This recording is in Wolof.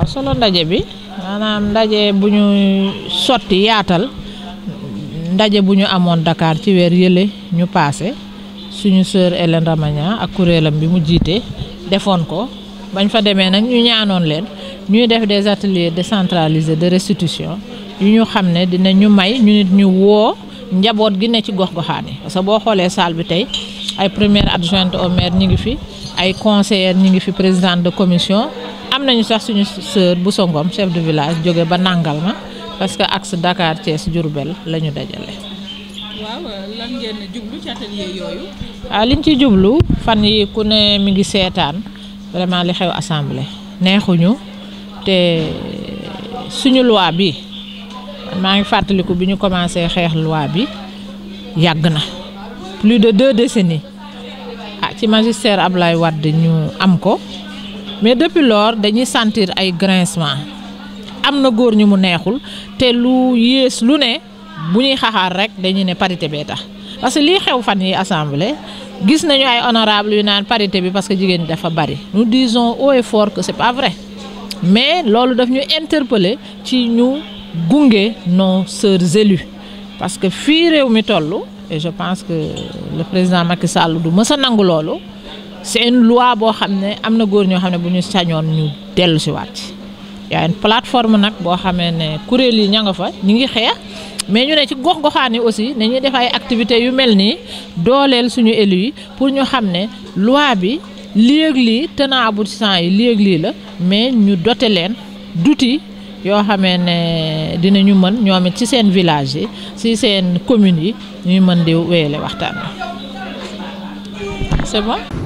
waaw solo ndaje bi maanaam ndaje bu ñu sotti yaatal ndaje bu ñu amoon Dakar ci weer yële ñu paase suñu sœur Hélène Ramagna ak kuréelam bi mu jiite defoon ko bañ fa demee nag ñu ñaanoon leen ñuy def des ateliers décentralisés de restitution yu ñu xam ne dina ñu may ñu nit ñu woo njaboot gi ne ci gox-goxaan yi parce que boo xoolee salle bi tey ay première adjointe au maire ñi ngi fi ay conseillère ñi ngi fi présidente de commission am nañu sax suñu sœur bu songom chef de village jóge ba nàngal ma parce que axe Dakar Thiès Diourbel la ñu dajale. waaw ah, liñ ci jublu fan yi ku ne mi ngi seetaan vraiment li xew assemblée neexuñu te suñu loi bi maa ngi fàttaliku bi ñu commencé xeex loi bi yàgg na plus de deux décennies ah ci magistère Ablaye Wade ñu am ko. mais depuis lors dañuy sentir ay grincement am na góor ñu mu neexul te lu yées lu ne bu ñuy xaxaar rek dañuy ne parité bee tax parce que lii xew fan yi assemblée gis nañu ay honorable yu naan parité bi parce que jigéen ñi dafa bari nous disons haut et fort que c'est pas vrai mais loolu daf ñu interpeller ci ñu gunge non sœurs élus parce que fii réew mi toll je pense que le président Macky Sall du mës a nangu loolu seen une loi boo xam ne am na góor ñoo xam ne bu ñu sañoon ñu dellu si waat yaa une plateforme nag boo xamee ne kuréel yi ña nga fa ñu ngi xeex mais ñu ne ci gox-goxaan yi aussi nañuy def ay activités yu mel nii dooleel suñu élu yi pour ñu xam ne loi bi léegi lii tenant aboutissant yi léegi lii la mais ñu doote leen duti yoo xamee ne dinañu mën ñoomit ci seen village yi ci seen communes yi ñuy mën di wéyale waxtaan c'est